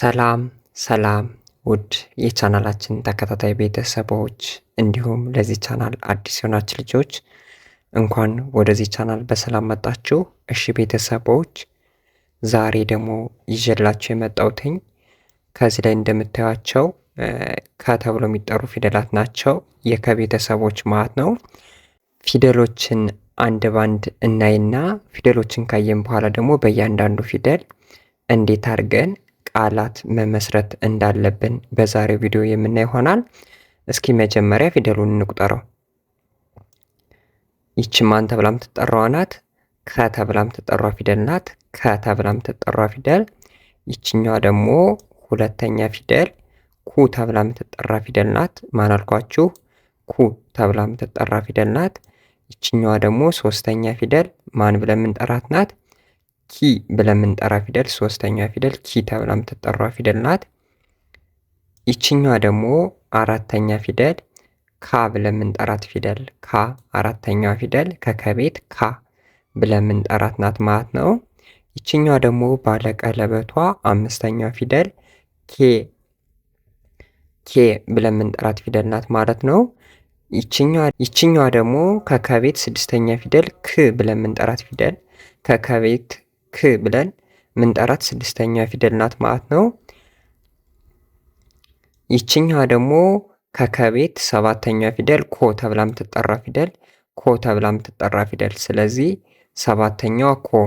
ሰላም ሰላም ውድ የቻናላችን ተከታታይ ቤተሰቦች እንዲሁም ለዚህ ቻናል አዲስ የሆናችሁ ልጆች እንኳን ወደዚህ ቻናል በሰላም መጣችሁ። እሺ ቤተሰቦች ዛሬ ደግሞ ይዤላችሁ የመጣሁትኝ ከዚህ ላይ እንደምታዩቸው ከተብሎ የሚጠሩ ፊደላት ናቸው። የከቤተሰቦች ማለት ነው። ፊደሎችን አንድ ባንድ እናይና ፊደሎችን ካየን በኋላ ደግሞ በእያንዳንዱ ፊደል እንዴት አድርገን ቃላት መመስረት እንዳለብን በዛሬ ቪዲዮ የምናይ ይሆናል። እስኪ መጀመሪያ ፊደሉን እንቁጠረው። ይቺ ማን ተብላ የምትጠራዋ ናት? ከ ተብላም የምትጠራዋ ፊደል ናት። ከ ተብላም የምትጠራዋ ፊደል። ይችኛዋ ደግሞ ሁለተኛ ፊደል ኩ ተብላ የምትጠራ ፊደል ናት። ማን አልኳችሁ? ኩ ተብላ የምትጠራ ፊደል ናት። ይችኛዋ ደግሞ ሶስተኛ ፊደል ማን ብለን የምንጠራት ናት? ኪ ብለን የምንጠራ ፊደል ሶስተኛ ፊደል ኪ ተብላ የምትጠራዋ ፊደል ናት። ይችኛዋ ደግሞ አራተኛ ፊደል ካ ብለን የምንጠራት ፊደል ካ አራተኛዋ ፊደል ከከቤት ካ ብለን የምንጠራት ናት ማለት ነው። ይችኛዋ ደግሞ ባለቀለበቷ አምስተኛዋ ፊደል ኬ ኬ ብለን የምንጠራት ፊደል ናት ማለት ነው። ይችኛዋ ደግሞ ከከቤት ስድስተኛ ፊደል ክ ብለን የምንጠራት ፊደል ከከቤት ክ ብለን ምንጠራት ስድስተኛ ፊደል ናት ማለት ነው። ይችኛዋ ደግሞ ከከቤት ሰባተኛ ፊደል ኮ ተብላ የምትጠራ ፊደል ኮ ተብላ የምትጠራ ፊደል። ስለዚህ ሰባተኛዋ ኮ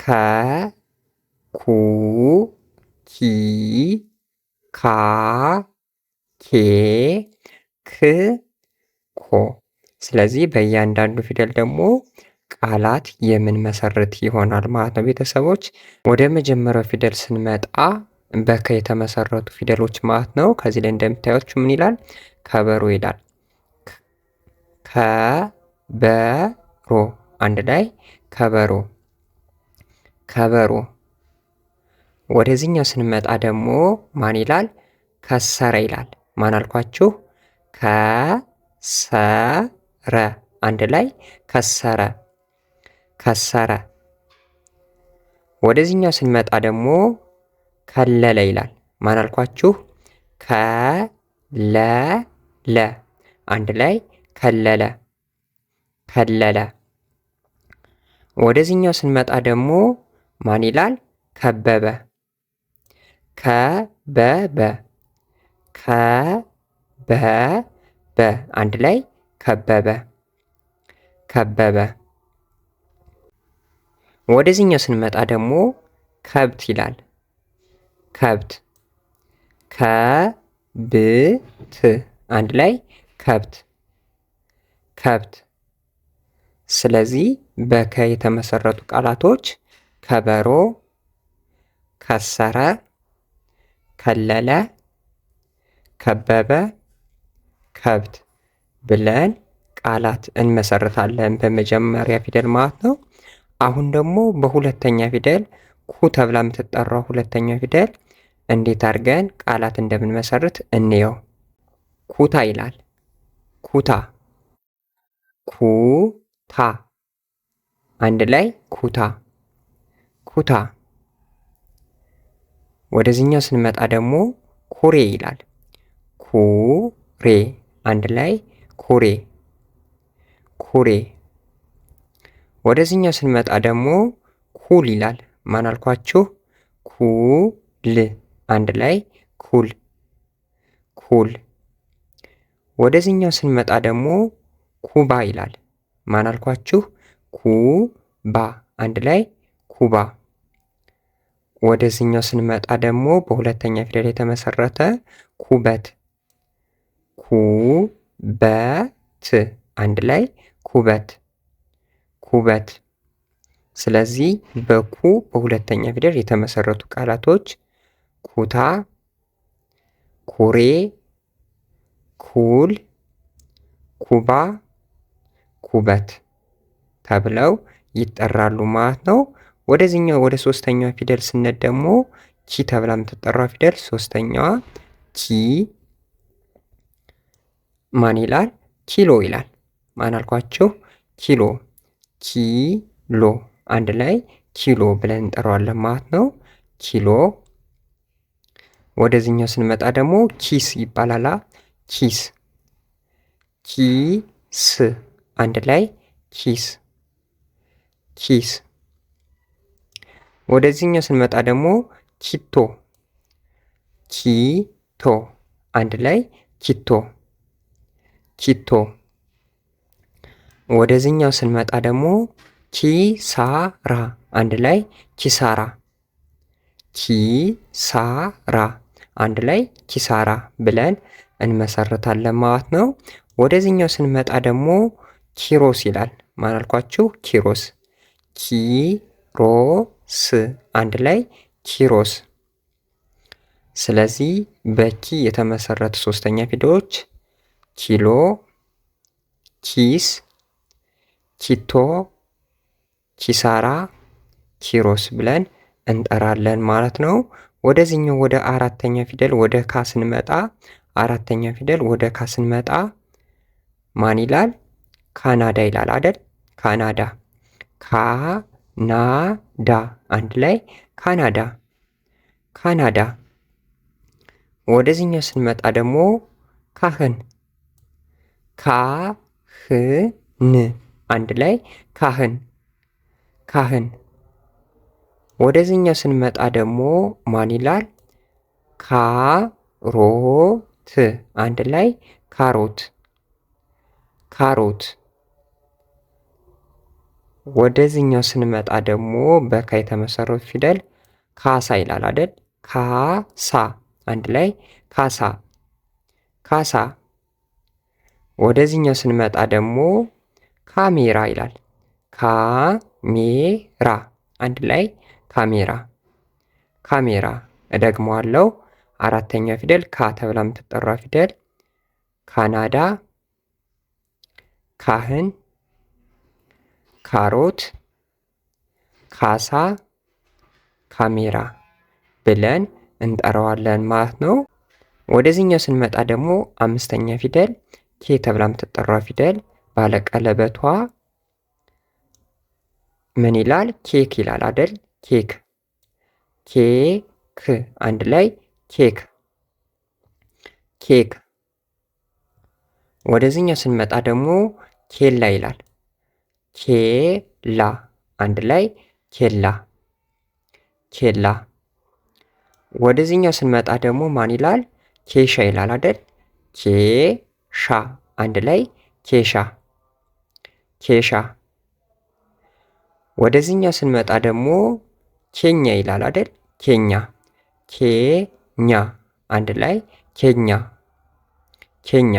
ከ ኩ ኪ ካ ኬ ክ ኮ። ስለዚህ በእያንዳንዱ ፊደል ደግሞ ቃላት የምንመሰርት ይሆናል ማለት ነው። ቤተሰቦች ወደ መጀመሪያው ፊደል ስንመጣ በከ የተመሰረቱ ፊደሎች ማለት ነው። ከዚህ ላይ እንደምታያችሁ ምን ይላል? ከበሮ ይላል። ከበሮ አንድ ላይ ከበሮ ከበሮ። ወደዚህኛው ስንመጣ ደግሞ ማን ይላል? ከሰረ ይላል። ማን አልኳችሁ? ከሰረ አንድ ላይ ከሰረ ከሰረ። ወደዚህኛው ስንመጣ ደግሞ ከለለ ይላል። ማን አልኳችሁ? ከለለ አንድ ላይ ከለለ ከለለ። ወደዚህኛው ስንመጣ ደግሞ ማን ይላል? ከበበ ከበበ ከበበ አንድ ላይ ከበበ ከበበ ወደዚህኛው ስንመጣ ደግሞ ከብት ይላል። ከብት ከብት አንድ ላይ ከብት ከብት። ስለዚህ በከ የተመሰረቱ ቃላቶች ከበሮ፣ ከሰረ፣ ከለለ፣ ከበበ፣ ከብት ብለን ቃላት እንመሰርታለን በመጀመሪያ ፊደል ማለት ነው። አሁን ደግሞ በሁለተኛ ፊደል ኩ ተብላ የምትጠራው ሁለተኛ ፊደል እንዴት አድርገን ቃላት እንደምንመሰርት እንየው። ኩታ ይላል። ኩታ፣ ኩታ፣ አንድ ላይ ኩታ፣ ኩታ። ወደዚህኛው ስንመጣ ደግሞ ኩሬ ይላል። ኩሬ፣ አንድ ላይ ኩሬ፣ ኩሬ ወደዚህኛው ስንመጣ ደግሞ ኩል ይላል። ማን አልኳችሁ? ኩል አንድ ላይ ኩል ኩል። ወደዚህኛው ስንመጣ ደግሞ ኩባ ይላል። ማን አልኳችሁ? ኩባ አንድ ላይ ኩባ። ወደዚህኛው ስንመጣ ደግሞ በሁለተኛ ፊደል የተመሰረተ ኩበት ኩበት አንድ ላይ ኩበት ውበት። ስለዚህ በኩ በሁለተኛ ፊደል የተመሰረቱ ቃላቶች ኩታ፣ ኩሬ፣ ኩል፣ ኩባ፣ ኩበት ተብለው ይጠራሉ ማለት ነው። ወደዚህኛው ወደ ሶስተኛዋ ፊደል ስነት ደግሞ ቺ ተብላ የምትጠራው ፊደል ሶስተኛዋ ቺ ማን ይላል? ኪሎ ይላል። ማን አልኳችሁ? ኪሎ ኪሎ አንድ ላይ ኪሎ ብለን እንጠራዋለን ማለት ነው። ኪሎ። ወደዚህኛው ስንመጣ ደግሞ ኪስ ይባላል። ኪስ ኪስ አንድ ላይ ኪስ ኪስ። ወደዚህኛው ስንመጣ ደግሞ ኪቶ ኪቶ አንድ ላይ ኪቶ ኪቶ ወደዚህኛው ስንመጣ ደግሞ ኪሳራ አንድ ላይ ኪሳራ ኪሳራ አንድ ላይ ኪሳራ ብለን እንመሰርታለን ማለት ነው። ወደዚኛው ስንመጣ ደግሞ ኪሮስ ይላል። ማናልኳችሁ ኪሮስ ኪሮስ አንድ ላይ ኪሮስ። ስለዚህ በኪ የተመሰረቱ ሶስተኛ ፊደሎች ኪሎ፣ ኪስ ኪቶ፣ ኪሳራ፣ ኪሮስ ብለን እንጠራለን ማለት ነው። ወደዚህኛው ወደ አራተኛ ፊደል ወደ ካ ስንመጣ አራተኛ ፊደል ወደ ካ ስንመጣ ማን ይላል? ካናዳ ይላል አደል? ካናዳ ካናዳ አንድ ላይ ካናዳ ካናዳ። ወደዚህኛው ስንመጣ ደግሞ ካህን ካህን አንድ ላይ ካህን ካህን። ወደዚህኛው ስንመጣ ደግሞ ማን ይላል? ካሮት አንድ ላይ ካሮት ካሮት። ወደዚህኛው ስንመጣ ደግሞ በካ የተመሰረቱ ፊደል ካሳ ይላል አደል? ካሳ አንድ ላይ ካሳ ካሳ። ወደዚህኛው ስንመጣ ደግሞ ካሜራ ይላል። ካሜራ አንድ ላይ ካሜራ ካሜራ። እደግመዋለሁ። አራተኛ ፊደል ካ ተብላ የምትጠራ ፊደል ካናዳ፣ ካህን፣ ካሮት፣ ካሳ፣ ካሜራ ብለን እንጠራዋለን ማለት ነው። ወደዚህኛው ስንመጣ ደግሞ አምስተኛ ፊደል ኬ ተብላ የምትጠራ ፊደል ባለቀለበቷ ምን ይላል? ኬክ ይላል አደል? ኬክ ኬክ አንድ ላይ ኬክ ኬክ። ወደዚህኛው ስንመጣ ደግሞ ኬላ ይላል። ኬላ አንድ ላይ ኬላ ኬላ። ወደዚህኛው ስንመጣ ደግሞ ማን ይላል? ኬሻ ይላል አደል? ኬሻ አንድ ላይ ኬሻ ኬሻ። ወደዚህኛው ስንመጣ ደግሞ ኬኛ ይላል አይደል? ኬኛ ኬኛ አንድ ላይ ኬኛ ኬኛ።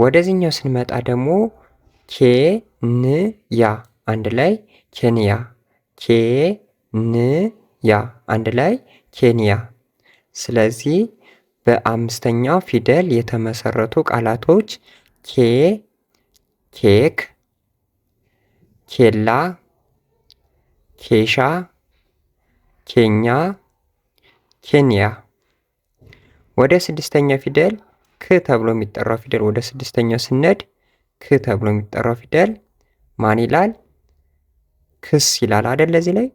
ወደዚህኛው ስንመጣ ደግሞ ኬንያ አንድ ላይ ኬንያ ኬንያ አንድ ላይ ኬንያ። ስለዚህ በአምስተኛው ፊደል የተመሰረቱ ቃላቶች ኬ ኬክ፣ ኬላ፣ ኬሻ፣ ኬኛ፣ ኬንያ። ወደ ስድስተኛ ፊደል ክ ተብሎ የሚጠራው ፊደል ወደ ስድስተኛው ስነድ ክ ተብሎ የሚጠራው ፊደል ማን ይላል? ክስ ይላል አደለ? እዚህ ላይ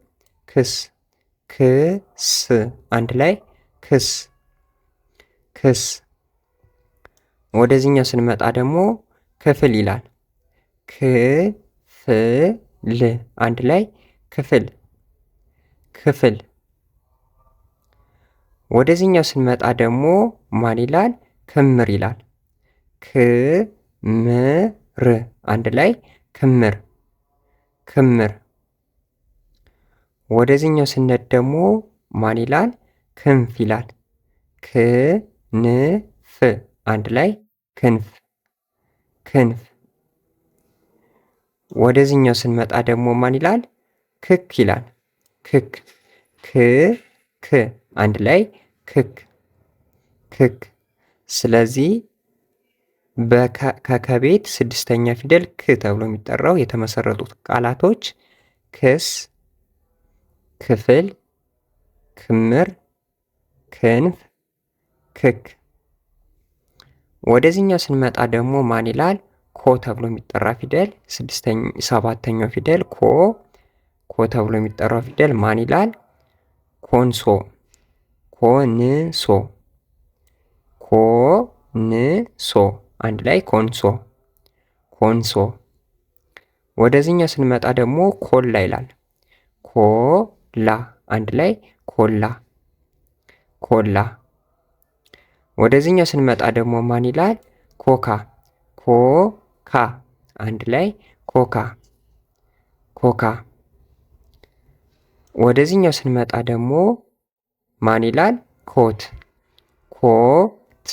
ክስ ክስ አንድ ላይ ክስ ክስ። ወደዚህኛው ስንመጣ ደግሞ ክፍል ይላል። ክፍል አንድ ላይ ክፍል ክፍል። ወደዚህኛው ስንመጣ ደግሞ ማን ይላል? ክምር ይላል። ክምር አንድ ላይ ክምር ክምር። ወደዚህኛው ስነት ደግሞ ማን ይላል? ክንፍ ይላል። ክንፍ አንድ ላይ ክንፍ ክንፍ ወደዚህኛው ስንመጣ ደግሞ ማን ይላል? ክክ ይላል። ክክ ክ ክ አንድ ላይ ክክ ክክ። ስለዚህ ከከቤት ስድስተኛ ፊደል ክ ተብሎ የሚጠራው የተመሰረቱት ቃላቶች ክስ፣ ክፍል፣ ክምር፣ ክንፍ፣ ክክ። ወደዚህኛው ስንመጣ ደግሞ ማን ይላል? ኮ ተብሎ የሚጠራ ፊደል ሰባተኛው ፊደል ኮ ኮ ተብሎ የሚጠራው ፊደል ማን ይላል? ኮንሶ ኮንሶ ኮንሶ አንድ ላይ ኮንሶ ኮንሶ። ወደዚህኛው ስንመጣ ደግሞ ኮላ ይላል። ኮላ አንድ ላይ ኮላ ኮላ። ወደዚህኛው ስንመጣ ደግሞ ማን ይላል? ኮካ ኮ ካ አንድ ላይ ኮካ ኮካ። ወደዚህኛው ስንመጣ ደግሞ ማን ይላል? ኮት ኮት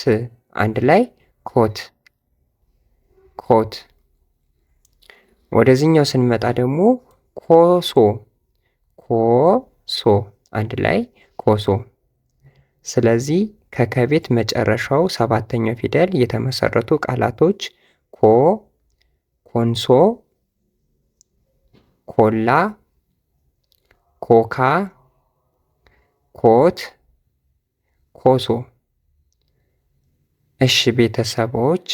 አንድ ላይ ኮት ኮት። ወደዚህኛው ስንመጣ ደግሞ ኮሶ ኮሶ አንድ ላይ ኮሶ። ስለዚህ ከከቤት መጨረሻው ሰባተኛው ፊደል የተመሰረቱ ቃላቶች ኮ ኮንሶ፣ ኮላ፣ ኮካ፣ ኮት፣ ኮሶ። እሺ ቤተሰቦች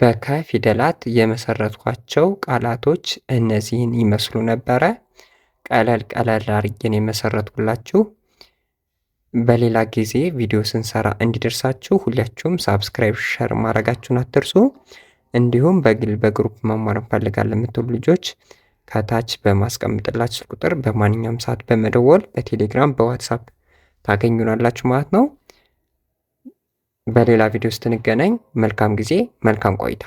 በከ ፊደላት የመሰረትኳቸው ቃላቶች እነዚህን ይመስሉ ነበረ። ቀለል ቀለል አድርጌን የመሰረትኩላችሁ። በሌላ ጊዜ ቪዲዮ ስንሰራ እንዲደርሳችሁ ሁላችሁም ሳብስክራይብ፣ ሸር ማድረጋችሁን አትርሱ። እንዲሁም በግል በግሩፕ መማር እንፈልጋለን የምትሉ ልጆች ከታች በማስቀምጥላችሁ ቁጥር በማንኛውም ሰዓት በመደወል በቴሌግራም በዋትሳፕ ታገኙናላችሁ ማለት ነው። በሌላ ቪዲዮ ስትንገናኝ መልካም ጊዜ፣ መልካም ቆይታ